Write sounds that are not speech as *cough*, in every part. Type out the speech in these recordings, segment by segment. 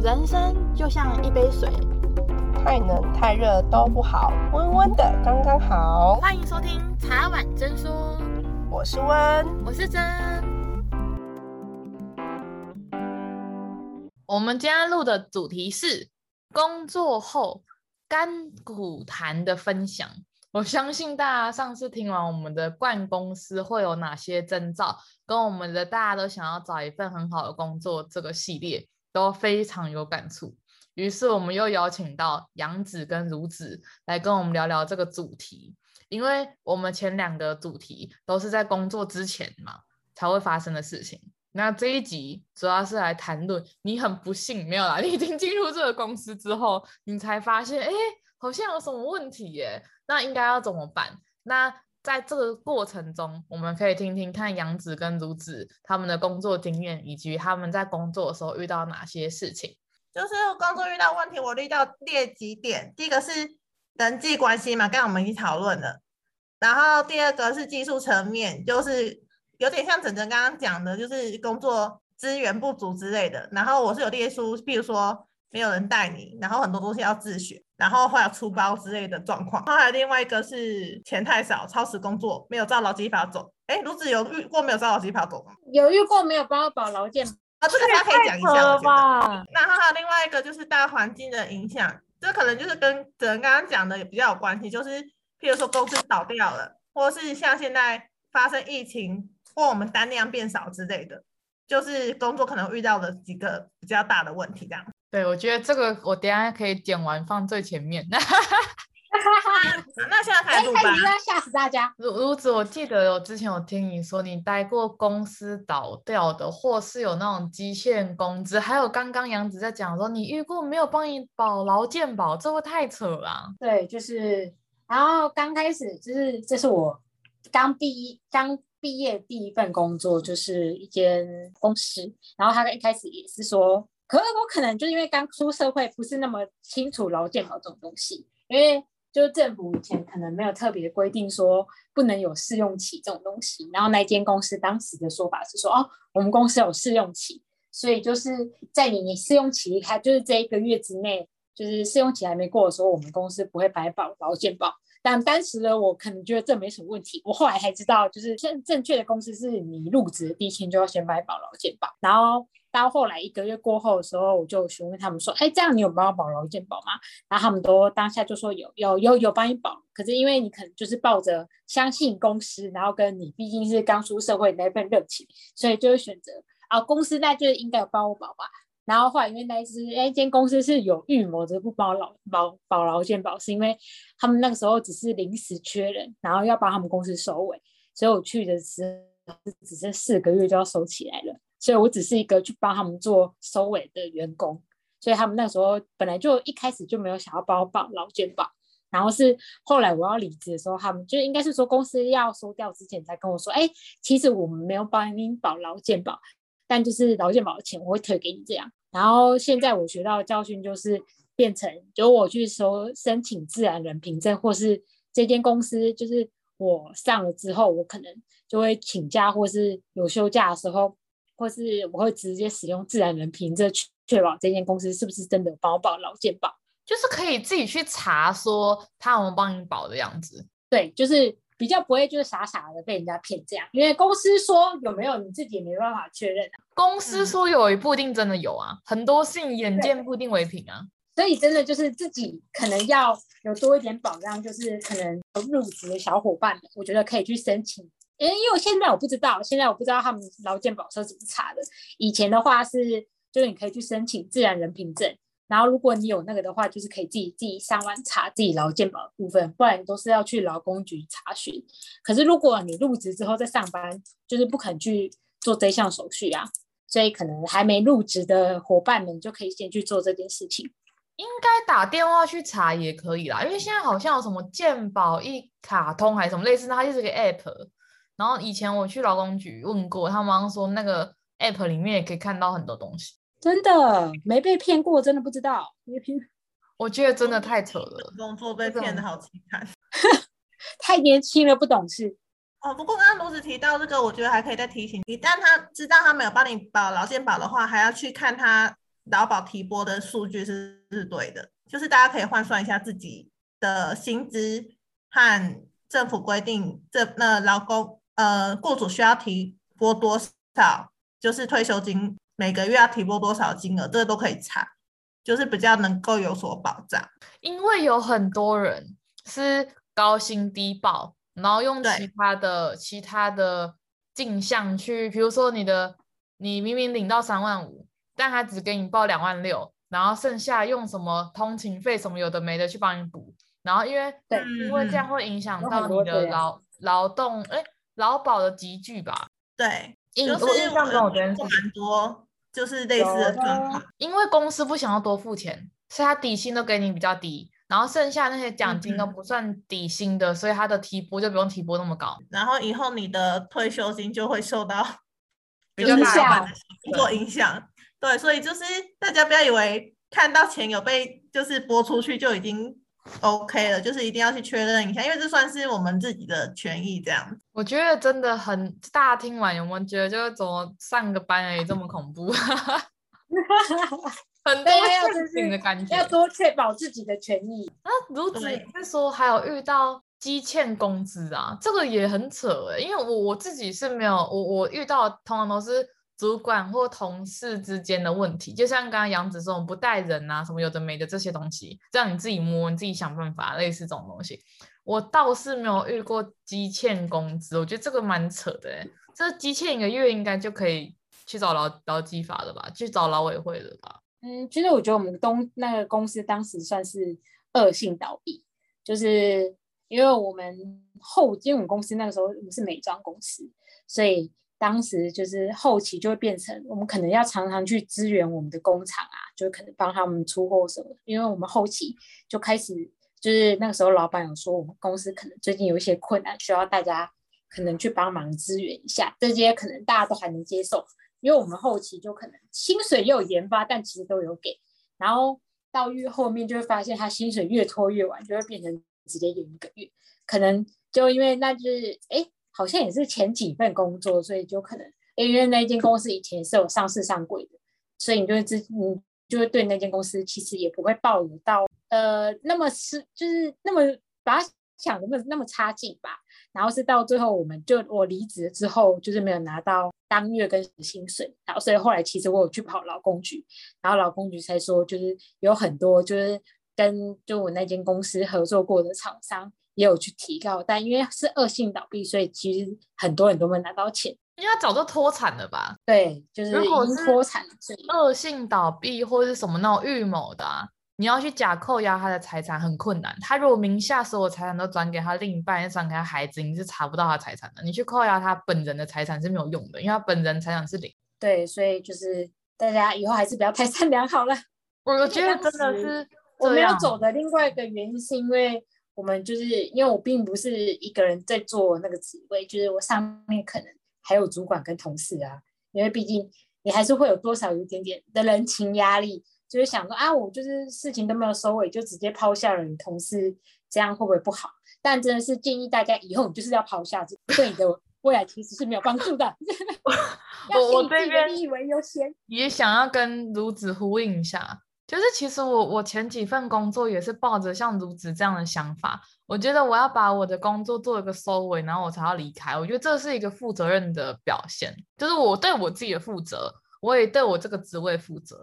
人生就像一杯水，太冷太熱都不好，溫溫的剛剛好。歡迎收聽茶碗真說，我是溫，我是真。我們今天錄的主題是工作後甘苦談的分享。我相信大家上次聽完我們的“慣公司”會有哪些徵兆，跟我們的大家都想要找一份很好的工作這個系列。都非常有感觸，於是我們又邀請到楊子跟儒子來跟我們聊聊這個主題。因為我們前兩個主題都是在工作之前嘛才會發生的事情，那這一集主要是來談論你很不幸，沒有啦，你已經進入這個公司之後，你才發現哎，好像有什麼問題耶，那應該要怎麼辦？那。在這個過程中，我們可以聽聽看楊子跟儒子他們的工作經驗，以及他們在工作的時候遇到哪些事情。就是工作遇到問題，我遇到列幾點，第一個是人際關係嘛，剛剛我們已經討論了。然後第二個是技術層面，就是有點像整整剛剛講的，就是工作資源不足之類的。然後我是有列出，比如說沒有人帶你，然後很多東西要自學。然後會有出包之類的狀況，然後還有另外一個是錢太少，超時工作沒有照勞基法走。哎，儒子有遇過沒有照勞基法走嗎？有遇過沒有幫我保勞健？啊，這個、大家可以講一下。太扯了吧？那然後還有另外一個就是大環境的影響，這可能就是跟可能剛剛講的也比較有關係，就是譬如說公司倒掉了，或是像現在發生疫情或我們單量變少之類的，就是工作可能遇到的幾個比較大的問題，這樣。對，我覺得這個我等下可以剪完放最前面。 *laughs* *laughs* 那現在開始，不、哎哎、要嚇死大家。儒儒子，我記得之前有聽你說，你待過公司倒掉的，或是有那種基線工資，還有剛剛楊子在講說，你遇過沒有幫你保勞健保，這個太扯了、啊。對，就是，然後剛開始就是這是我剛畢業剛畢業第一份工作，就是一間公司，然後他一開始也是說。可是我可能就是因為剛出社會，不是那麼清楚勞健保這種東西，因為就是政府以前可能沒有特別的規定說不能有試用期這種東西，然後那間公司當時的說法是說，哦，我們公司有試用期，所以就是在你試用期還，它就是這一個月之內，就是試用期還沒過的時候，我們公司不會買保勞健保。但當時的我可能覺得這沒什麼問題，我後來才知道，就是正正確的公司是你入職第一天就要先買保勞健保，然後。到後來一個月過後的時候，我就詢問他們說：“哎，這樣你有幫我保勞健保嗎？”然後他們都當下就說：“有，有，有，有幫你保。”可是因為你可能就是抱着相信公司，然後跟你畢竟是剛出社會那一份熱情，所以就會選擇啊，公司那就應該有幫我保吧。然後後來因為那因為一次，哎，間公司是有預謀的不幫我保勞保，保勞健保，是因為他們那個時候只是臨時缺人，然後要幫他們公司收尾，所以我去的時候只剩四個月就要收起來了。所以我只是一個去幫他們做收尾的員工，所以他們那時候本來就一開始就沒有想要幫我報勞健保，然後是後來我要離職的時候，他們就應該是說公司要收掉之前才跟我說，哎，其實我們沒有幫你保勞健保，但就是勞健保的錢我會退給你這樣。然後現在我學到的教訓就是，變成就我去收申請自然人憑證，或是這間公司就是我上了之後，我可能就會請假或是有休假的時候。或是我會直接使用自然人憑證去確保這間公司是不是真的有保勞健保，就是可以自己去查說他有沒有幫你保的樣子。對，就是比較不會就是傻傻的被人家騙這樣，因為公司說有沒有你自己也沒辦法確認啊。公司說有也不一定真的有啊，嗯、很多事情眼見不一定為憑啊。所以真的就是自己可能要有多一點保障，就是可能有入職的小夥伴，我覺得可以去申請。誒，因為現在我不知道，現在我不知道他們勞健保車是怎麼查的。以前的話是，就是你可以去申請自然人憑證，然後如果你有那個的話，就是可以自己自己上網查自己勞健保的部分，不然都是要去勞工局查詢。可是如果你入職之後再上班，就是不肯去做這項手續啊，所以可能還沒入職的夥伴們就可以先去做這件事情。應該打電話去查也可以啦，因為現在好像有什麼健保一卡通還是什麼類似，它就是個 app。然後以前我去勞工局問過，他們說那個 app 裡面也可以看到很多東西。真的沒被騙過，真的不知道。沒騙過我覺得真的太扯了，工作被騙的好慘，這種 *laughs* 太年輕了不懂事。哦，不過剛剛儒子提到這個，我覺得還可以再提醒你，但他知道他沒有幫你保勞健保的話，還要去看他勞保提撥的數據是是對的，就是大家可以換算一下自己的薪資和政府規定這那勞工。呃，雇主需要提撥多少？就是退休金每個月要提撥多少金額？這個都可以查，就是比較能夠有所保障。因為有很多人是高薪低報，然後用其他的對其他的進項去，比如說你的你明明領到三萬五，但他只給你報兩萬六，然後剩下用什麼通勤費什麼有的沒的去幫你補，然後因為對因為這樣會影響到你的勞勞動哎。欸勞保的級距吧，對，印、欸、我印象中我覺得蠻多，就是類似的狀況。因為公司不想要多付錢，所以他底薪都給你比較低，然後剩下的那些獎金都不算底薪的，嗯、哼所以他的提撥就不用提撥那麼高。然後以後你的退休金就會受到比較大的工作影響。對，對，所以就是大家不要以為看到錢有被就是撥出去就已經。OK 了，就是一定要去確認一下，因為這算是我們自己的權益這樣子。我覺得真的很，大家聽完有沒有覺得就怎麼上個班也這麼恐怖？哈哈哈哈哈，很多要自己的感覺， *laughs* 要多確保自己的權益啊。如此是說對還有遇到積欠工資啊，這個也很扯誒、欸，因為我我自己是沒有，我我遇到的通常都是。主管或同事之間的問題，就像剛剛楊子說不帶人啊，什麼有的沒的這些東西，讓你自己摸，你自己想辦法，類似這種東西，我倒是沒有遇過積欠工資，我覺得這個蠻扯的哎，這積欠一個月應該就可以去找勞勞基法了吧，去找勞委會了吧。嗯，其實我覺得我們東那個公司當時算是惡性倒閉，就是因為我們後因為我們公司那個時候是美妝公司，所以。當時就是後期就會變成，我們可能要常常去支援我們的工廠啊，就可能幫他們出貨什麼。因為我們後期就開始，就是那個時候老闆有說，我們公司可能最近有一些困難，需要大家可能去幫忙支援一下。這些可能大家都還能接受，因為我們後期就可能薪水也有延發，但其實都有給。然後到越後面就會發現，他薪水越拖越晚，就會變成直接延一個月，可能就因為那就是哎。誒好像也是前幾份工作，所以就可能，因為那間公司以前是有上市上櫃的，所以你就知，你就會對那間公司其實也不會抱有到，呃，那麼是就是那麼把它想的那麼那麼差勁吧。然後是到最後，我們就我離職之後，就是沒有拿到當月跟薪水，然後所以後來其實我有去跑勞工局，然後勞工局才說，就是有很多就是跟就我那間公司合作過的廠商。也有去提高，但因為是惡性倒閉，所以其實很多,很多人都沒拿到錢，因為他早就脫產了吧？對，就是已經脫產，所以惡性倒閉或者是什麼那種預謀的、啊，你要去假扣押他的財產很困難。他如果名下所有財產都轉給他另一半，也轉給他孩子，你是查不到他的財產的。你去扣押他本人的財產是沒有用的，因為他本人財產是零。對，所以就是大家以後還是不要太善良好了。我覺得真的是我沒有走的另外一個原因是因為。我們就是因為我並不是一個人在做那個職位，就是我上面可能還有主管跟同事啊，因為畢竟你還是會有多少有一點點的人情壓力，就是想說啊，我就是事情都沒有收尾，就直接拋下了你同事，這樣會不會不好？但真的是建議大家以後就是要拋下，這對你的未來其實是沒有幫助的。 *laughs* 我我這邊，你以 *laughs* 為優先？也想要跟儒子呼應一下。就是其實我我前幾份工作也是抱着像儒子這樣的想法，我覺得我要把我的工作做一個收尾，然後我才要離開。我覺得這是一個負責任的表現，就是我對我自己的負責，我也對我這個職位負責。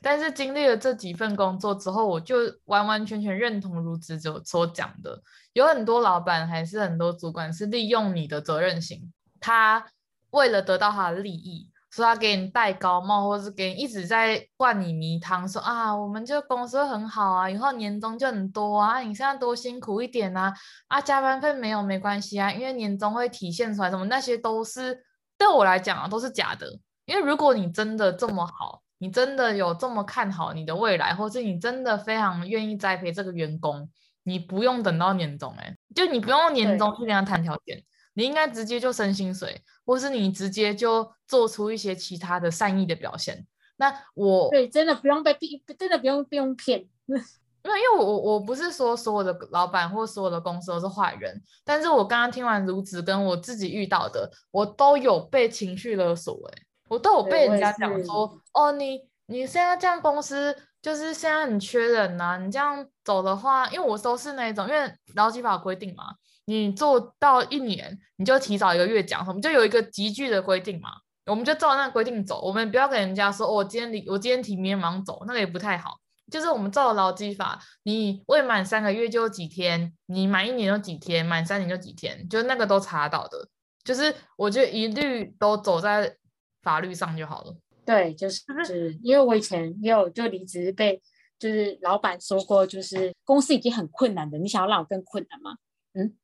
但是經歷了這幾份工作之後，我就完完全全認同儒子就所講的，有很多老闆還是很多主管是利用你的責任心，他為了得到他的利益。說他給你戴高帽，或者是給你一直在灌你迷湯，說啊，我們這公司很好啊，以後年終就很多啊，你現在多辛苦一點啊，啊，加班費沒有沒關係啊，因為年終會體現出來什麼，那些都是對我來講啊，都是假的。因為如果你真的這麼好，你真的有這麼看好你的未來，或是你真的非常願意栽培這個員工，你不用等到年終，欸，哎，就你不用年終去跟他談條件。你應該直接就升薪水，或是你直接就做出一些其他的善意的表現。那我對真的不用被騙，真的不用不用騙。沒因為我我不是說所有的老板或所有的公司都是壞人，但是我剛剛聽完儒子跟我自己遇到的，我都有被情緒勒索哎、欸，我都有被人家講說哦，你你現在這樣公司就是現在很缺人吶、啊，你這樣走的話，因為我都是那種，因為勞基法規定嘛。你做到一年，你就提早一個月講，我們就有一個極具的規定嘛，我們就照那規定走。我們不要跟人家說、哦、我今天離我今天提，明天馬上走，那個也不太好。就是我們照勞基法，你未滿三個月就幾天，你滿一年就幾天，滿三年就幾天，就那個都查到的。就是我就一律都走在法律上就好了。對，就是，因為我以前也有就離職被，就是老闆說過，就是公司已經很困難的，你想要讓我更困難嗎？嗯。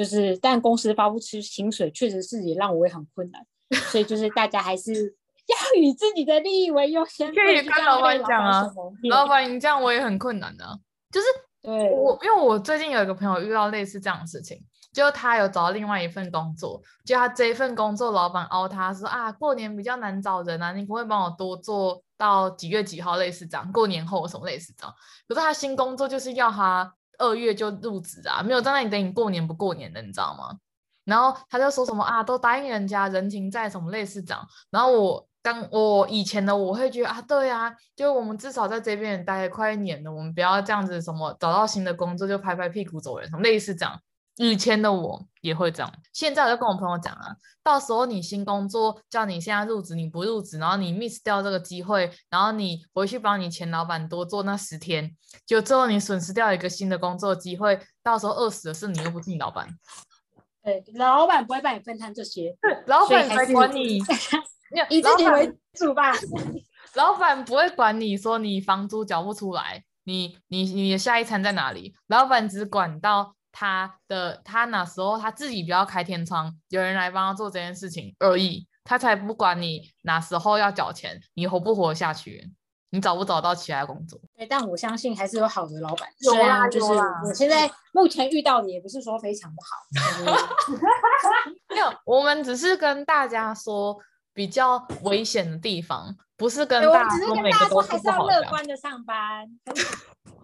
就是，但公司發不出薪水，確實是也讓我也很困難， *laughs* 所以就是大家還是要以自己的利益為優先。可以老闆講、啊、跟老闆講啊，老闆你這樣我也很困難的、啊，就是對我，對，因為我最近有一個朋友遇到類似這樣的事情，就他有找到另外一份工作，就他這一份工作老闆凹他說啊，過年比較難找人啊，你不會幫我多做到幾月幾號類似這樣，過年後什麼類似這樣，可是他新工作就是要他。二月就入職啊，沒有在那裡等你過年不過年的，你知道嗎？然後他就說什麼啊，都答應人家人情債什麼類似這樣。然後我當我以前的我會覺得啊，對啊，就我們至少在這邊待了快一年了，我們不要這樣子什麼找到新的工作就拍拍屁股走人，什麼類似這樣。以前的我也會這樣，現在我就跟我朋友講啊，到時候你新工作叫你現在入職，你不入職，然後你 miss 掉這個機會，然後你回去幫你前老板多做那十天，就最後你損失掉一個新的工作機會，到時候餓死的是你，又不是你老板。對，老板不會幫你分攤這些，老板管你，以自己為主吧老板。老板不會管你說你房租交不出來，你你你，你的下一餐在哪裡？老板只管到。他的他哪時候他自己不要開天窗，有人來幫他做這件事情而已，他才不管你哪時候要繳錢，你活不活下去，你找不找到其他工作。對，但我相信還是有好的老闆。有啦、啊，有啦、啊。我現在目前遇到的也不是說非常不好。沒有，我們只是跟大家說比較危險的地方，不是跟，、欸、是跟大家說每個都還是要樂觀的上班。 *laughs*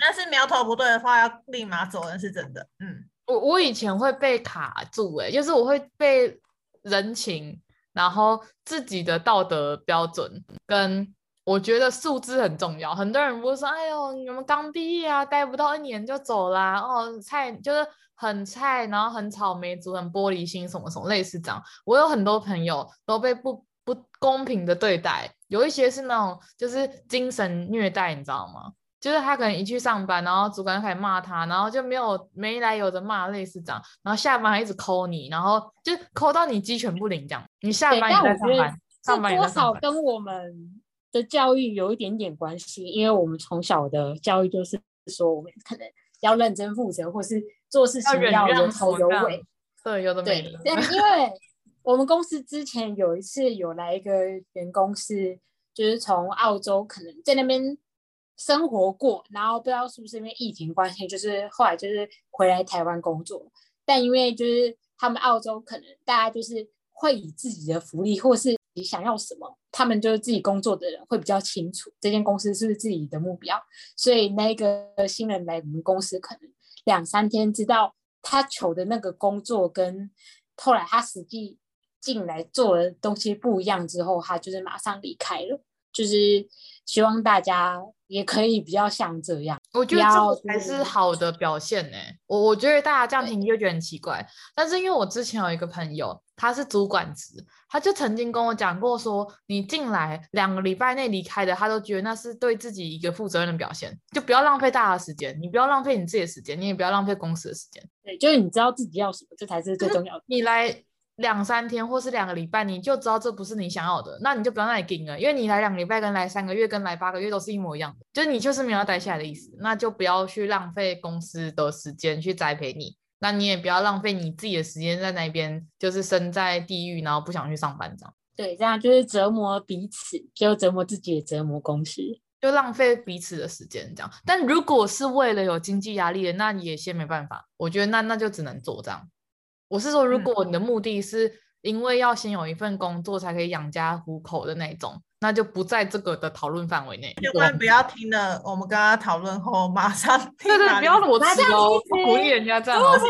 但是苗頭不對的話，要立馬走人是真的。嗯，我我以前會被卡住，欸，誒,就是我會被人情，然後自己的道德標準跟我覺得素質很重要。很多人不是說，哎呦，你們剛畢業啊，待不到一年就走啦，哦，菜就是很菜，然後很草莓族，很玻璃心什麼什麼，類似這樣。我有很多朋友都被不不公平的對待，有一些是那種就是精神虐待，你知道嗎？就是他可能一去上班，然後主管就開始罵他，然後就沒有沒來由的罵類似這樣，然後下班還一直摳你，然後就摳到你雞犬不寧這樣。你下班你再上班，上班上班。多少跟我們的教育有一點點關係，因為我們從小的教育就是說，我們可能要認真負責，或是做事情要有頭有尾。對，有的沒的。對， *laughs* 因為我們公司之前有一次有來一個員工是，就是從澳洲，可能在那邊。生活過，然後不知道是不是因為疫情關係，就是後來就是回來台灣工作。但因為就是他們澳洲可能大家就是會以自己的福利或是你想要什麼，他們就是自己工作的人會比較清楚這間公司是不是自己的目標。所以那個新人來我們公司，可能兩三天知道他求的那個工作跟後來他實際進來做的東西不一樣之後，他就是馬上離開了。就是希望大家。也可以比較像這樣，我覺得這才是好的表現呢、欸。我是我覺得大家這樣聽就覺得很奇怪，對但是因為我之前有一個朋友，他是主管職，他就曾經跟我講過說，你進來兩個禮拜內離開的，他都覺得那是對自己一個負責任的表現，就不要浪費大家的時間，你不要浪費你自己的時間，你也不要浪費公司的時間。對，就是你知道自己要什麼，這才是最重要的。你來。兩三天或是兩個禮拜，你就知道這不是你想要的，那你就不要再里了，因為你來兩個禮拜跟來三個月跟來八個月都是一模一樣的，就是你就是沒有要待下來的意思，那就不要去浪費公司的時間去栽培你，那你也不要浪費你自己的時間在那邊，就是身在地獄，然後不想去上班這樣。對，這樣就是折磨彼此，就折磨自己，也折磨公司，就浪費彼此的時間這樣。但如果是為了有經濟壓力的，那也先沒辦法，我覺得那那就只能做這樣。我是說，如果你的目的是因為要先有一份工作才可以養家糊口的那一種，那就不在這個的討論範圍內。千萬不要聽了我們剛剛討論後馬上聽了。對對，不要裸辭哦！不鼓勵人家這樣是，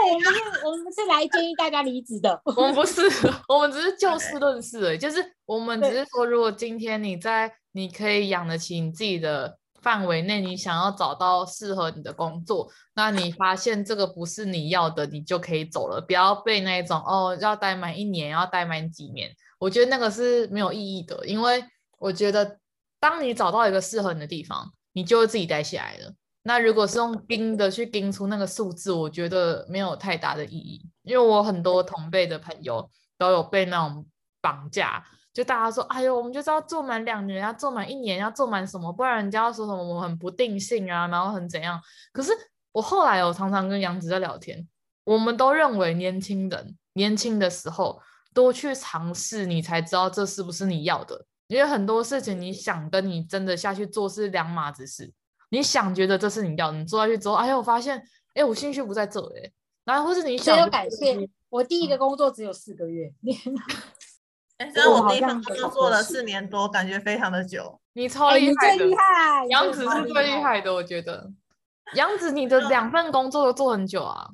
我們是來建議大家離職的。 *laughs* 我們不是，我們只是就事論事而已，對就是我們只是說，如果今天你在，你可以養得起你自己的。範圍內，你想要找到適合你的工作，那你發現這個不是你要的，你就可以走了。不要被那種哦，要待滿一年，要待滿幾年，我覺得那個是沒有意義的。因為我覺得，當你找到一個適合你的地方，你就會自己待下來了。那如果是用盯的去盯出那個數字，我覺得沒有太大的意義。因為我很多同輩的朋友都有被那種綁架。就大家說，哎呦，我們就知道做滿兩年，要做滿一年，要做滿什麼，不然人家要說什麼我很不定性啊，然後很怎樣。可是我後來我常常跟楊子在聊天，我們都認為年輕人年輕的時候多去嘗試，你才知道這是不是你要的。因為很多事情你想跟你真的下去做是兩碼子事，你想覺得這是你要的，你做下去之後，哎呦，我發現哎我興趣不在這裡，然後或是你想，感我，、嗯、所以我改變，嗯，我第一個工作只有四個月。 *laughs* 哎，雖然、欸、我第一份工作做了四年多，oh, 感覺非常的久。你超厲害的，楊、欸、子是最厲害的，害我覺得。楊子，你的兩份工作都做很久啊。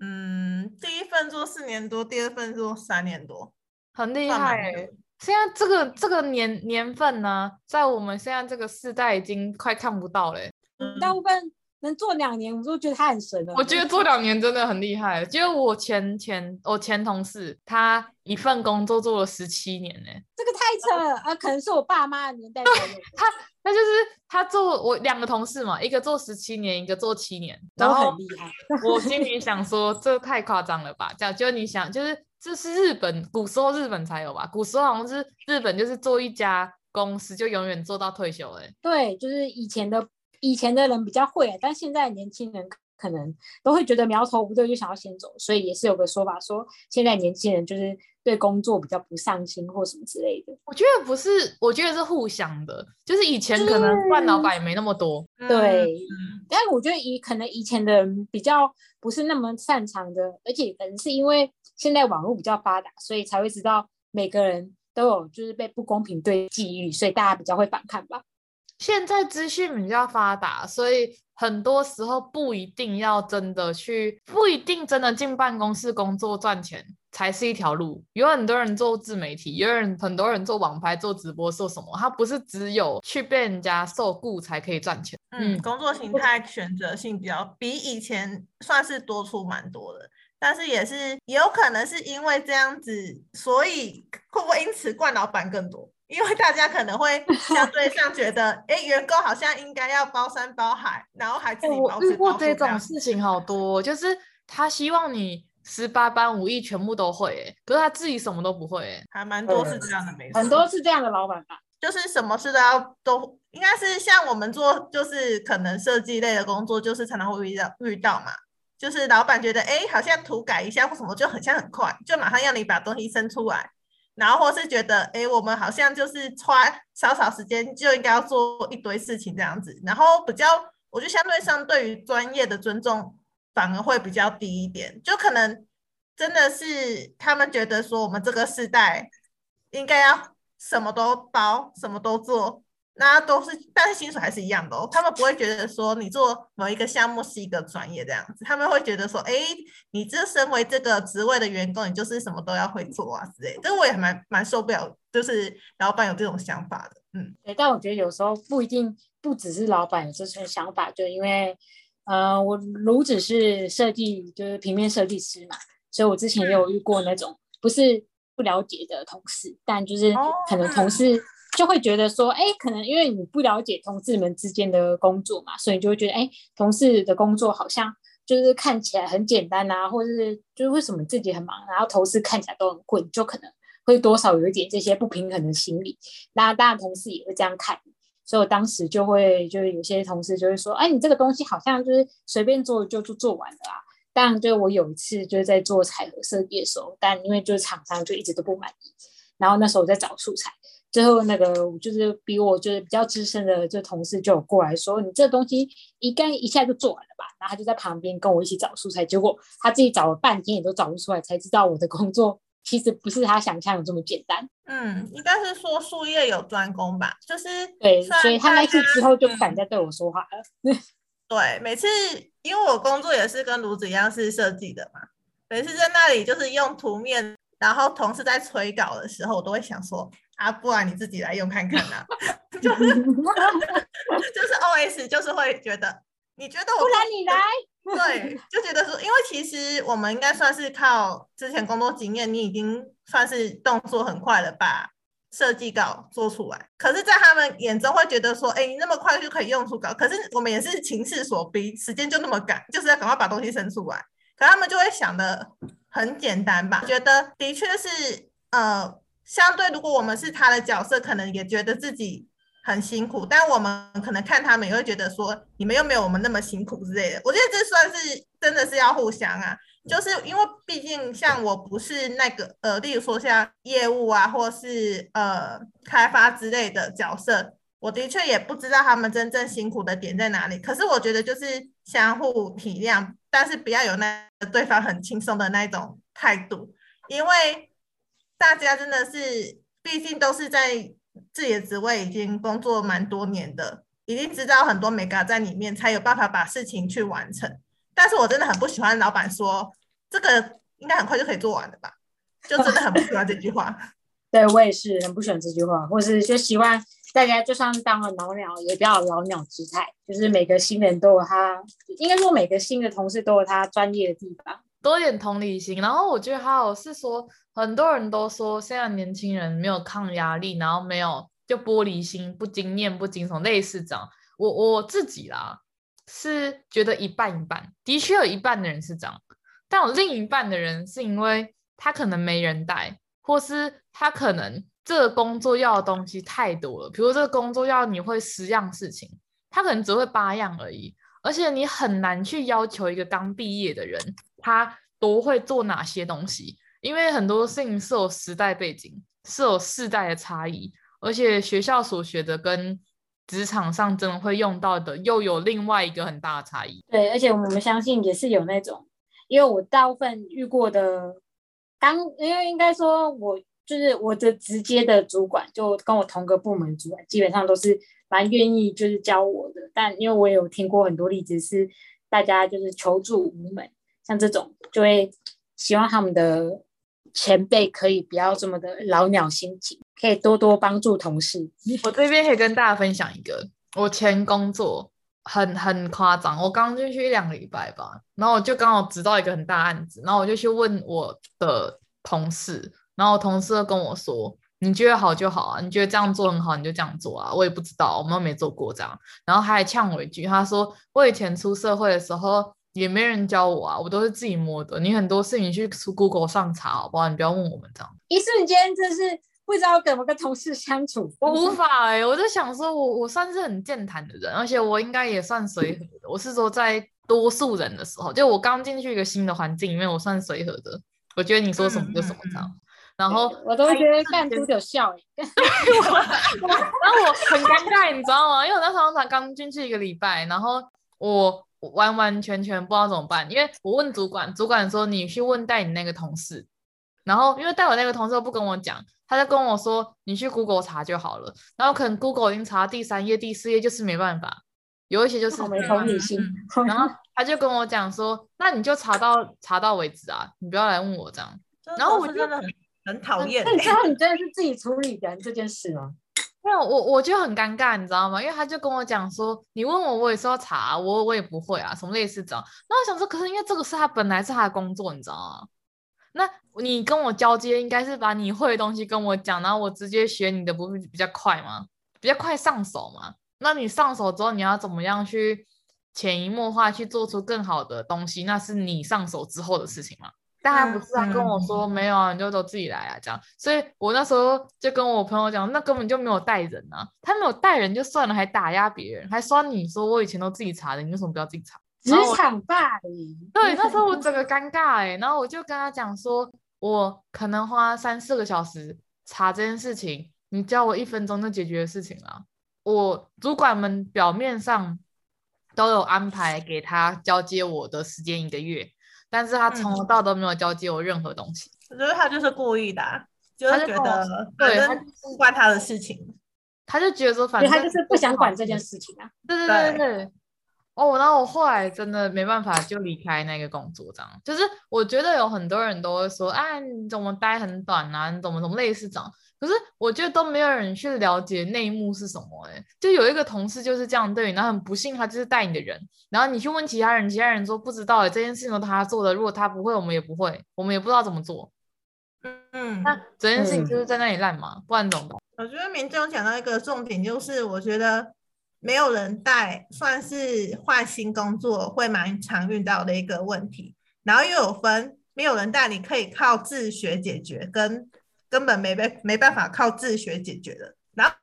嗯，第一份做四年多，第二份做三年多，很厲害、欸。現在這個這個年年份呢，在我們現在這個世代已經快看不到嘞、欸，嗯、大部分。能做兩年，我都覺得他很神了。我覺得做兩年真的很厲害。就 *laughs* 我前前我前同事，他一份工作做了十七年呢。這個太扯了，呃、 *laughs* 啊，可能是我爸媽的年代 *laughs* 他。他他就是他做我兩個同事嘛， *laughs* 一個做十七年，一個做七年。然後，都很厲害！ *laughs* 我心裡想說，這太誇張了吧？講就,就你想，就是這是日本古時候日本才有吧？古時候好像是日本就是做一家公司就永遠做到退休哎。對，就是以前的。以前的人比較會、啊，但現在年輕人可能都會覺得苗頭不對，就想要先走，所以也是有個說法說，現在年輕人就是對工作比較不上心或什麼之類的。我覺得不是，我覺得是互相的，就是以前可能換老板也沒那麼多。對，嗯、但我覺得以可能以前的人比較不是那麼擅長的，而且可能是因為現在網絡比較發達，所以才會知道每個人都有就是被不公平對待的際遇，所以大家比較會反抗吧。現在資訊比較發達，所以很多時候不一定要真的去，不一定真的進辦公室工作賺錢才是一條路。有很多人做自媒體，有人很多人做網拍、做直播、做什麼，他不是只有去被人家受僱才可以賺錢。嗯，工作形態選擇性比較比以前算是多出蠻多的，但是也是有可能是因為這樣子，所以會不會因此慣老闆更多？因為大家可能會相對上覺得，哎、 *laughs* 欸，員工好像應該要包山包海，然後還自己包吃包住。我遇過這種事情好多，就是他希望你十八般武藝全部都會、欸，可是他自己什麼都不會、欸，還蠻多是這樣的沒，沒錯、嗯。很多是這樣的老板吧，就是什麼事都要都，應該是像我們做就是可能設計類的工作，就是常常會遇到遇到嘛，就是老板覺得，哎、欸，好像圖改一下或什麼就很像很快，就馬上要你把東西生出來。然後或是覺得，誒，我們好像就是花少少時間就應該要做一堆事情這樣子，然後比較，我就相對上對於專業的尊重反而會比較低一點，就可能真的是他們覺得說我們這個世代應該要什麼都包，什麼都做。那都是，但是薪水還是一樣的哦。他們不會覺得說你做某一個項目是一個專業這樣子，他們會覺得說，哎，你這身為這個職位的員工，你就是什麼都要會做啊之類。這個我也還蠻蠻受不了，就是老闆有這種想法的，嗯。但我覺得有時候不一定不只是老闆有這種想法，就因為，呃，我儒子是設計，就是平面設計師嘛，所以我之前也有遇過那種不是不了解的同事，嗯、但就是可能同事、哦。就會覺得說，哎，可能因為你不了解同事們之間的工作嘛，所以你就會覺得，哎，同事的工作好像就是看起來很簡單吶、啊，或者是就是為什麼自己很忙，然後同事看起來都很困，就可能會多少有一點這些不平衡的心理。那當然，當然同事也會這樣看，所以我當時就會，就是有些同事就會說，哎，你這個東西好像就是隨便做就就做完了啊。但就我有一次就是在做彩盒設計的時候，但因為就是廠商就一直都不滿意，然後那時候我在找素材。最後那個就是比我就是比較資深的這同事就有過來說：“你這東西應該一下就做完了吧？”然後他就在旁邊跟我一起找素材，結果他自己找了半天也都找不出來，才知道我的工作其實不是他想象的這麼簡單。嗯，應該是說術業有專攻吧，就是對，所以他那次之後就不敢再對我說話了。 *laughs* 對，每次因為我工作也是跟儒子一樣是設計的嘛，每次在那裡就是用圖面，然後同事在催稿的時候，我都會想說。啊不然你自己來用看看吶、啊， *laughs* 就是 *laughs* 就是 OS 就是會覺得，你覺得我得不然你來，對，就覺得說，因為其實我們應該算是靠之前工作經驗，你已經算是動作很快了把設計稿做出來，可是，在他們眼中會覺得說，哎，那麼快就可以用出稿，可是我們也是情勢所逼，時間就那麼趕，就是要趕快把東西生出來，可他們就會想的很簡單吧，覺得的確是呃。相對，如果我們是他的角色，可能也覺得自己很辛苦，但我們可能看他們也會覺得說你們又沒有我們那麼辛苦之類的。我覺得這算是真的是要互相啊，就是因為畢竟像我不是那個呃，例如說像業務啊，或是呃開發之類的角色，我的確也不知道他們真正辛苦的點在哪裡。可是我覺得就是相互體諒，但是不要有那對方很輕鬆的那種態度，因為。大家真的是，畢竟都是在自己的職位已經工作蠻多年的，已經知道很多眉角在裡面，才有辦法把事情去完成。但是我真的很不喜歡老板說，這個應該很快就可以做完的吧，就真的很不喜歡這句話。 *laughs* 對，我也是很不喜歡這句話，或是就希望大家就算當了老鳥，也不要老鳥姿態，就是每個新人都有他，應該說每個新的同事都有他專業的地方，多點同理心。然後我覺得還有是說。很多人都說現在年輕人沒有抗壓力，然後沒有就玻璃心、不經驗、不驚悚，類似這樣。我我自己啦，是覺得一半一半，的確有一半的人是這樣，但有另一半的人是因為他可能沒人帶，或是他可能這個工作要的東西太多了，比如這個工作要你會十樣事情，他可能只會八樣而已，而且你很難去要求一個剛畢業的人他都會做哪些東西。因為很多事情是有時代背景，是有世代的差異，而且學校所學的跟職場上真的會用到的又有另外一個很大的差異。對，而且我們相信也是有那種，因為我大部分遇過的，剛因為應該說我，我就是我的直接的主管，就跟我同個部門主管，基本上都是蠻願意就是教我的。但因為我有聽過很多例子，是大家就是求助無門，像這種就會希望他們的。前輩可以不要這麼的老鳥心情，可以多多幫助同事。我這邊可以跟大家分享一個，我前工作很很誇張，我剛進去一兩個禮拜吧，然後我就剛好知道一個很大案子，然後我就去問我的同事，然後我同事就跟我說：“你覺得好就好啊，你覺得這樣做很好，你就這樣做啊。”我也不知道，我們沒做過這樣，然後他還嗆我一句，他說：“我以前出社會的時候。”也沒人教我啊，我都是自己摸的。你很多事情去 Google 上查好不好？你不要問我們這樣。一瞬間就是不知道怎麼跟同事相處， *laughs* 我無法哎、欸。我在想說我，我我算是很健談的人，而且我應該也算隨和的。我是說，在多數人的時候，就我剛進去一個新的環境裡面，我算隨和的。我覺得你說什麼就什麼這樣。 *laughs* 然後我都覺得幹出有效哎，然後我很尷尬，你知道嗎？因為我那時候剛進去一個禮拜，然後我。完完全全不知道怎麼辦，因為我問主管，主管說你去問帶你那個同事，然後因為帶我那個同事不跟我講，他就跟我說你去 Google 查就好了，然後可能 Google 已經查第三頁、第四頁就是沒辦法，有一些就是沒同理心、啊，然後他就跟我講說，那你就查到查到為止啊，你不要來問我這樣，然後我真的很很討厭、欸，你知道你真的是自己處理完這件事嗎？沒有我，我就很尷尬，你知道嗎？因為他就跟我講說，你問我，我也是要查啊，我我也不會啊，什麼類似這樣。那我想說，可是因為這個是他本來是他的工作，你知道嗎？那你跟我交接，應該是把你會的東西跟我講，然後我直接學你的不，不是比較快嗎？比較快上手嘛？那你上手之後，你要怎麼樣去潛移默化去做出更好的東西？那是你上手之後的事情嗎？嗯但他不是啊！他跟我說沒有啊，你就都自己來啊，這樣。所以我那時候就跟我朋友講，那根本就沒有帶人啊，他沒有帶人就算了，還打壓別人，還說你說我以前都自己查的，你為什麼不要自己查對？職場霸凌！對，那時候我整個尷尬哎、欸，然後我就跟他講說，我可能花三四個小時查這件事情，你教我一分鐘就解決的事情了。我主管們表面上都有安排給他交接我的時間一個月。但是他從頭到尾都沒有交接我任何東西，嗯、我覺得他就是故意的、啊，他就覺得，就是覺得，對，他不關他，就他的事情，他就覺得說，反正他就是不想管這件事情啊。對對對對，哦對，然後、oh, 我後來真的沒辦法就離開那個工作，這樣 *laughs* 就是我覺得有很多人都會說，啊，你怎麼待很短啊，你怎麼怎麼類似這樣。可是我覺得都沒有人去了解內幕是什麼欸，就有一個同事就是這樣對你，然後很不幸他就是帶你的人，然後你去問其他人，其他人說不知道欸，這件事情都他做的，如果他不會，我們也不會，我們也不知道怎麼做。嗯，那這件事情就是在那裡爛嘛，嗯、不然懂麼？我覺得民眾講到一個重點，就是我覺得沒有人帶，算是換新工作會蠻常遇到的一個問題。然後又有分，沒有人帶，你可以靠自學解決跟。根本沒被沒辦法靠自學解決的，然後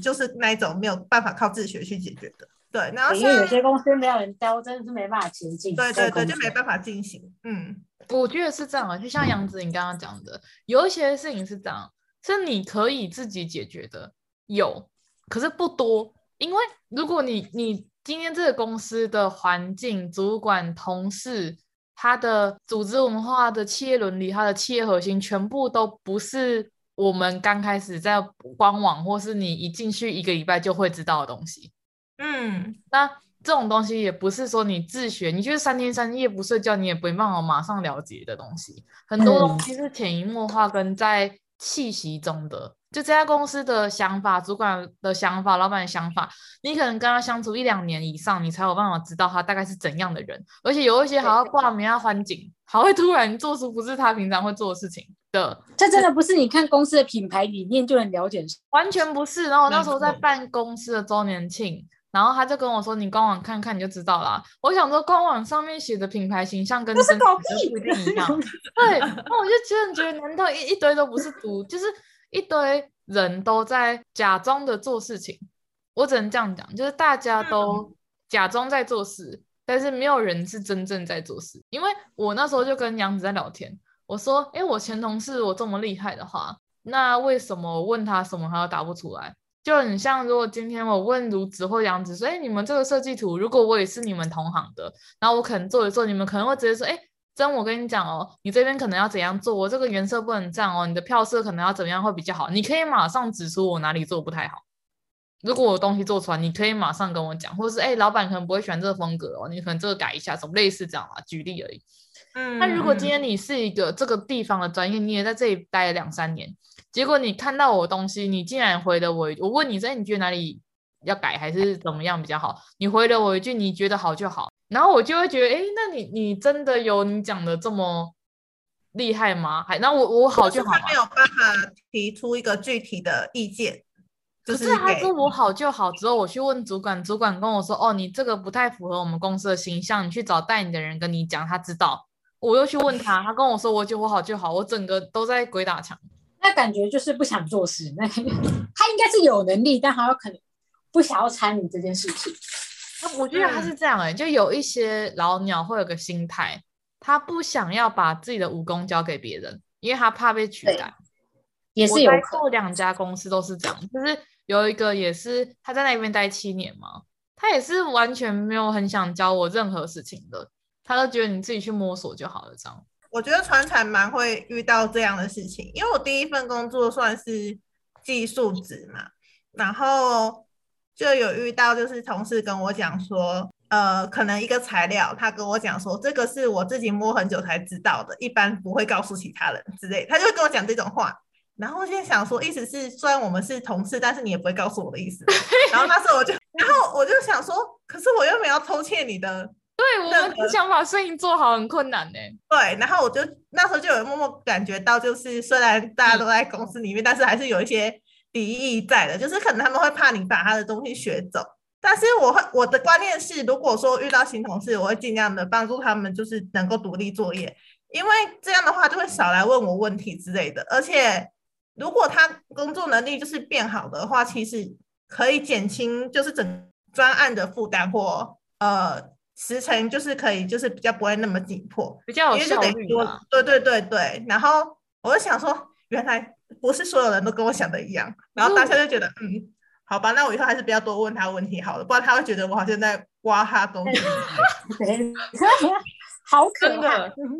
就是那一種沒有辦法靠自學去解決的，對。然後所以有些公司沒有人教，真的是沒辦法前進，對對對，就沒辦法進行。嗯，我覺得是這樣啊，就像楊子你剛剛講的，有一些事情是這樣，是你可以自己解決的，有，可是不多。因為如果你你今天這個公司的環境、主管、同事。它的組織文化、的企業倫理、它的企業核心，全部都不是我們剛開始在官網，或是你一進去一個禮拜就會知道的東西。嗯，那這種東西也不是說你自學，你就是三天三夜不睡覺，你也沒辦法馬上了解的東西。很多東西是潛移默化跟在氣息中的。嗯就這家公司的想法、主管的想法、老闆的想法，你可能跟他相處一兩年以上，你才有辦法知道他大概是怎樣的人。而且有一些還要掛名啊、環境的，還會突然做出不是他平常會做的事情的。對，這真的不是你看公司的品牌理念就能了解，嗯、完全不是。然後我那時候在辦公司的周年慶，嗯、然後他就跟我說：“你官網看看你就知道了。”我想說官網上面寫的品牌形象跟真的完全不一樣。對， *laughs* *laughs* 那我就真的覺得，難道一一堆都不是毒？就是。一堆人都在假裝的做事情，我只能這樣講，就是大家都假裝在做事，但是沒有人是真正在做事。因為我那時候就跟楊子在聊天，我說：“哎、欸，我前同事我這麼厲害的話，那為什麼我問他什麼他都答不出來？就很像如果今天我問儒子或楊子說，哎、欸，你們這個設計圖，如果我也是你們同行的，然後我可能做一做，你們可能會直接說，哎、欸。”真，我跟你講哦，你這邊可能要怎樣做哦，我這個顏色不能這樣哦，你的票色可能要怎樣會比較好？你可以馬上指出我哪裡做不太好。如果我東西做出來，你可以馬上跟我講，或者是哎、欸，老闆可能不會喜歡這個風格哦，你可能這個改一下，什麼類似這樣啊，舉例而已。嗯，那如果今天你是一個這個地方的專業，你也在這裡待了兩三年，結果你看到我的東西，你竟然回了我，我問你，在，你覺得哪裡要改還是怎麼樣比較好？你回了我一句，你覺得好就好。然後我就會覺得，哎，那你你真的有你講的這麼厲害嗎？還，那我我好就好，就他沒有辦法提出一個具體的意見，可、就是、哦、他說我好就好。之後我去問主管，主管跟我說，哦，你這個不太符合我們公司的形象，你去找帶你的人跟你講，他知道。我又去問他，他跟我說，我就我好就好，我整個都在鬼打牆，那感覺就是不想做事。那他應該是有能力，但很有可能不想要參與這件事情。嗯、我覺得他是這樣哎、欸，就有一些老鳥會有個心態，他不想要把自己的武功交給別人，因為他怕被取代。也是有，我做兩家公司都是這樣，就是有一個也是他在那邊待七年嘛，他也是完全沒有很想教我任何事情的，他都覺得你自己去摸索就好了。這樣，我覺得傳產蠻會遇到這樣的事情，因為我第一份工作算是技術職嘛，然後。就有遇到，就是同事跟我講說，呃，可能一個材料，他跟我講說，這個是我自己摸很久才知道的，一般不會告訴其他人之類的，他就會跟我講這種話。然後我就想說，意思是雖然我們是同事，但是你也不會告訴我的意思。然後那時候我就， *laughs* 然後我就想說，可是我又沒有偷竊你的，對，這個、我只想把生意做好很困難呢、欸。對，然後我就那時候就有默默感覺到，就是雖然大家都在公司裡面，嗯、但是還是有一些。敵意在的，就是可能他們會怕你把他的東西學走。但是我會我的觀念是，如果說遇到新同事，我會盡量的幫助他們，就是能夠獨立作業。因為這樣的話就會少來問我問題之類的。而且如果他工作能力就是變好的話，其實可以減輕就是整專案的負擔或呃時程，就是可以就是比較不會那麼緊迫，比較、啊、因為就得多。對，對對對對，然後我就想說，原來。不是所有人都跟我想的一樣，然後大家就覺得，嗯、嗯，好吧，那我以後還是不要多問他問題好了，不然他會覺得我好像在刮他東西， *laughs* 好可愛，真的，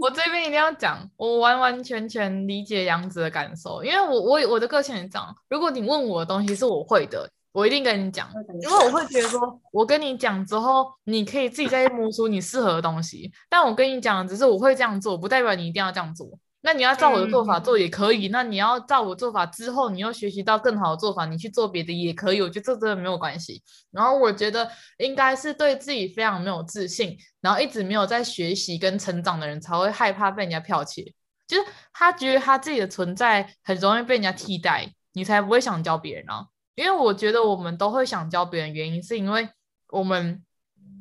我這邊一定要講，我完完全全理解楊子的感受，因為我我我的個性是這樣，如果你問我的東西是我會的，我一定跟你講，因為我會覺得說， *laughs* 我跟你講之後，你可以自己再去摸索你適合的東西，但我跟你講，只是我會這樣做，不代表你一定要這樣做。那你要照我的做法做也可以，嗯、那你要照我做法之後，你又學習到更好的做法，你去做別的也可以，我覺得這真的沒有關係。然後我覺得應該是對自己非常沒有自信，然後一直沒有在學習跟成長的人，才會害怕被人家剽竊，就是他覺得他自己的存在很容易被人家替代，你才不會想教別人啊。因為我覺得我們都會想教別人，原因是因為我們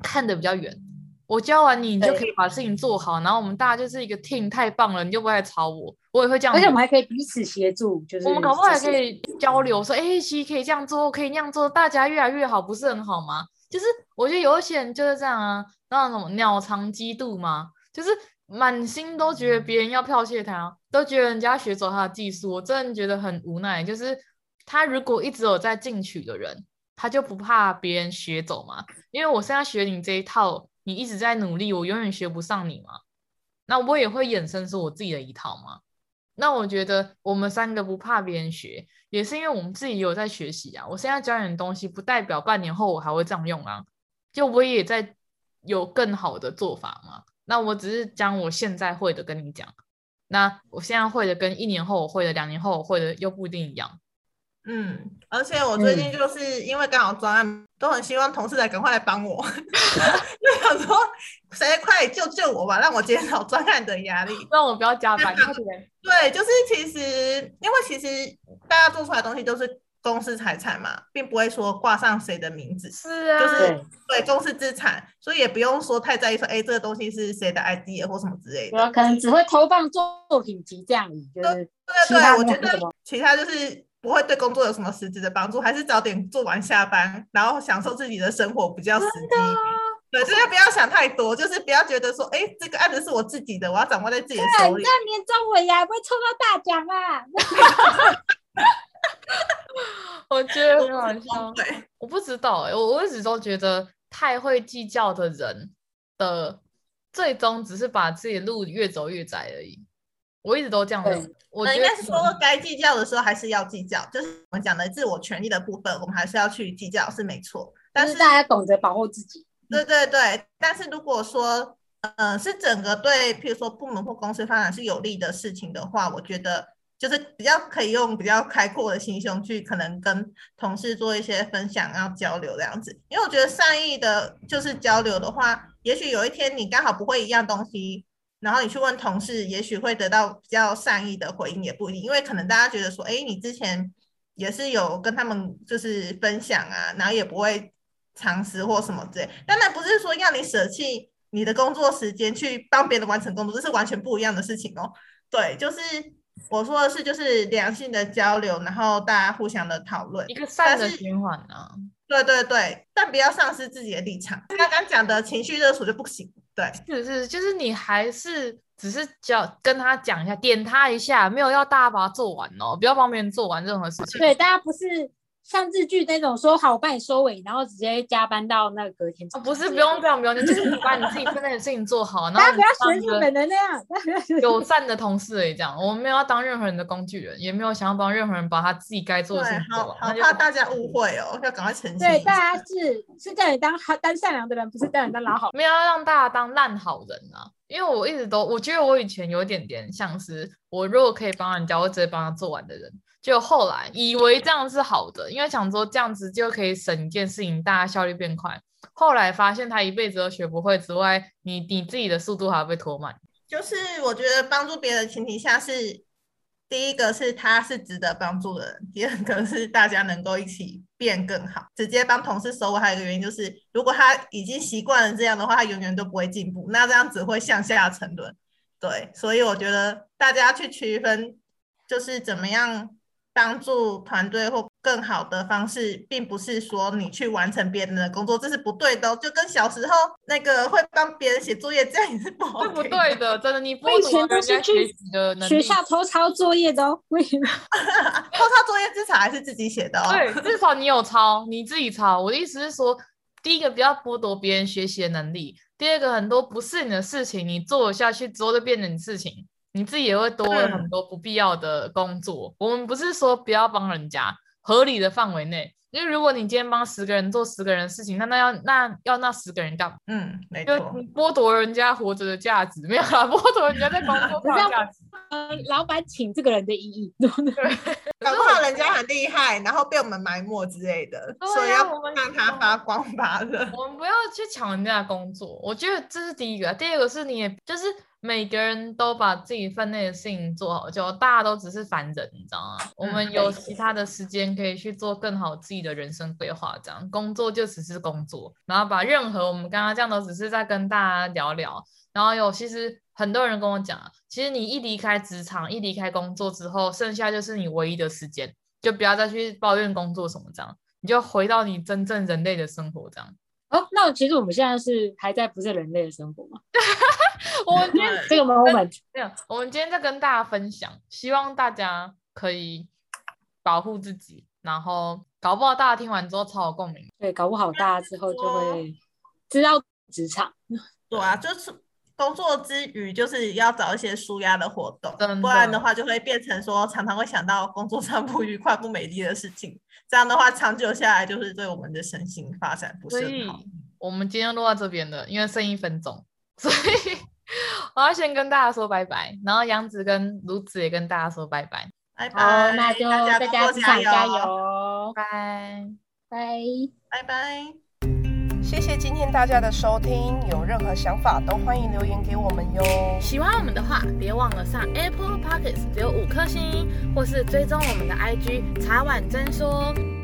看得比較遠。我教完你，你就可以把事情做好，對然後我們大家就是一個 team，太棒了！你就不再吵我，我也會這樣。而且我們還可以彼此協助，就是我們搞不好還可以交流，就是、說哎，其實可以這樣做，可以那樣做，大家越來越好，不是很好嗎？就是我覺得有些人就是這樣啊，那種鳥腸嫉妒嘛，就是滿心都覺得別人要剽竊他，嗯、都覺得人家學走他的技術，我真的覺得很無奈。就是他如果一直有在進取的人，他就不怕別人學走嘛，因為我現在學你這一套。你一直在努力，我永遠學不上你嗎？那我也會衍生出我自己的一套嗎？那我覺得我們三個不怕別人學，也是因為我們自己有在學習啊。我現在教你的東西不代表半年後我還會這樣用啊，就我也在有更好的做法嘛。那我只是講我現在會的跟你講，那我現在會的跟一年後我會的、兩年後我會的又不一定一樣。嗯，而且我最近就是因為剛好專案，嗯、都很希望同事來趕快來幫我， *laughs* *laughs* 就想說誰快救救我吧，讓我減少專案的壓力，讓我不要加班。對。吧嗯、對，就是其實因為其實大家做出來的東西都是公司財產嘛，並不會說掛上誰的名字，是啊，就是對，對公司資產，所以也不用說太在意說哎、欸、這個東西是誰的 idea 或什麼之類的，我、啊、可能只會投放作品集這樣子，對對對，我覺得其他就是。不會對工作有什麼實質的幫助，還是早點做完下班，然後享受自己的生活比較實際。真的啊、對，就是不要想太多，就是不要覺得說，哎，這個案子是我自己的，我要掌握在自己的手裡。啊、你那年終尾牙，會抽到大獎啊！我覺得很好笑。我不，對我不知道，我我一直都覺得，太會計較的人的最終只是把自己的路越走越窄而已。我一直都這樣。嗯、我覺得應該是說，該計較的時候還是要計較，就是我們講的自我權利的部分，我們還是要去計較是沒錯。但是大家懂得保護自己。對對對，但是如果說，嗯，是整個對，譬如說部門或公司發展是有利的事情的話，我覺得就是比較可以用比較開闊的心胸去，可能跟同事做一些分享、要交流這樣子。因為我覺得善意的，就是交流的話，也許有一天你剛好不會一樣東西，然後你去問同事，也許會得到比較善意的回應，也不一定，因為可能大家覺得說，哎，你之前也是有跟他們就是分享啊，然後也不會常識或什麼之類。但那不是說要你捨棄你的工作時間去幫別人完成工作，這是完全不一樣的事情哦。對，就是我說的是，就是良性的交流，然後大家互相的討論，一個善的循環啊、哦，對對對，但不要喪失自己的立場。剛剛講的情緒勒索就不行。對，是是，就是你還是只是叫跟他講一下，點他一下，沒有要大家把它做完哦，不要幫別人做完任何事情。對，大家不是。像日劇那種說好幫你收尾，然後直接加班到那個隔天。啊、不是，不用，對不用，對不用，對就是你把你自己分內的事情做好。大家不要學日本人那樣。友善的同事也這樣，我們沒有要當任何人的工具人，也沒有想要幫任何人把他自己該做的事情做完。怕大家誤會哦、喔，要趕快澄清。對，現大家是是叫你當好、當善良的人，不是叫你當老好人。沒有要讓大家當爛好人啊，因為我一直都我覺得我以前有一點點像是，我如果可以幫人家，我直接幫他做完的人。就後來以為這樣是好的，因為想說這樣子就可以省一件事情，大家效率變快。後來發現他一輩子都學不會，之外，你你自己的速度還要被拖慢。就是我覺得幫助別人的前提下是第一個是他是值得幫助的人，第二個是大家能夠一起變更好。直接幫同事收尾，還有個原因就是如果他已經習慣了這樣的話，他永遠都不會進步，那這樣子會向下沉淪。對，所以我覺得大家去區分就是怎麼樣。幫助團隊或更好的方式，並不是說你去完成別人的工作，這是不對的、哦。就跟小時候那個會幫別人寫作業，這樣也是不 OK 的，是不對的。真的，你的，你剝奪人家學習的、學校偷抄作業的、哦，為什麼偷抄 *laughs* 作業至少還是自己寫的、哦？對，至少你有抄，你自己抄。我的意思是說，第一個不要剝奪別人學習的能力，第二個很多不是你的事情，你做下去之後就變成你事情。你自己也會多了很多不必要的工作。嗯、我們不是說不要幫人家，合理的範圍內。就如果你今天幫十個人做十個人的事情，那要那要那要那十個人幹，嗯，沒錯，剝奪人家活着的價值，沒有啦，剝奪人家在工作上的價值、 *laughs* 嗯、老闆請這個人的意義，對，對搞不好人家很厲害， *laughs* 然後被我們埋沒之類的，啊、所以要我們讓他發光發熱。我們不要去搶人家的工作，我覺得這是第一個、啊。第二個是你，你就是每個人都把自己分內的事情做好，就大家都只是凡人，你知道嗎？嗯、我們有其他的時間可以去做更好自己的。的人生規劃，這樣工作就只是工作，然後把任何我們剛剛講的只是在跟大家聊聊，然後有其實很多人跟我講啊，其實你一離開職場，一離開工作之後，剩下就是你唯一的時間，就不要再去抱怨工作什麼這樣，你就回到你真正人類的生活這樣。哦，那其實我們現在是還在不是人類的生活嗎？ *laughs* 我們今天 *laughs* 這個嗎？我沒有，我們今天在跟大家分享，希望大家可以保護自己，然後。搞不好大家聽完之後超有共鳴，對，搞不好大家之後就會知道職場，對啊，就是工作之餘就是要找一些舒壓的活動，的不然的話就會變成說常常會想到工作上不愉快、不美麗的事情，這樣的話長久下來就是對我們的身心發展不是很好。我們今天錄到這邊了，因為剩一分鐘，所以我要先跟大家說拜拜，然後楊子跟儒子也跟大家說拜拜。Bye bye，好，那就大家一起加油！拜拜拜拜拜。謝謝今天大家的收聽，有任何想法都歡迎留言給我們喲。喜歡我們的話，別忘了上 Apple Podcast 只有五顆星，或是追蹤我們的 IG 茶碗蒸說。